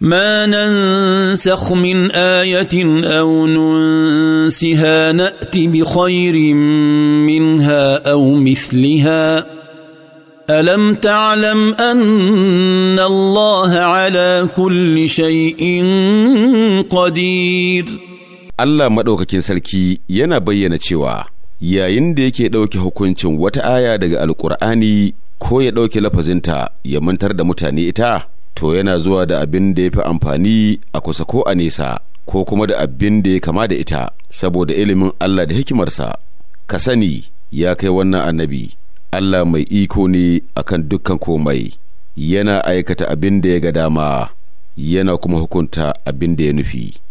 ما ننسخ من ايه او ننسها نات بخير منها او مثلها الم تعلم ان الله على كل شيء قدير Allah maɗaukakin sarki yana bayyana cewa yayin da yake ɗauke hukuncin wata aya daga Alƙur'ani ko ya ɗauke lafazinta ya mantar da mutane ita to yana zuwa da abin da ya fi amfani a kusa ko a nesa ko kuma da abin da ya kama da ita saboda ilimin Allah da hikimarsa ka sani ya kai wannan annabi Allah mai iko ne akan dukkan komai yana aikata abin da ya ga dama yana kuma hukunta abin da ya nufi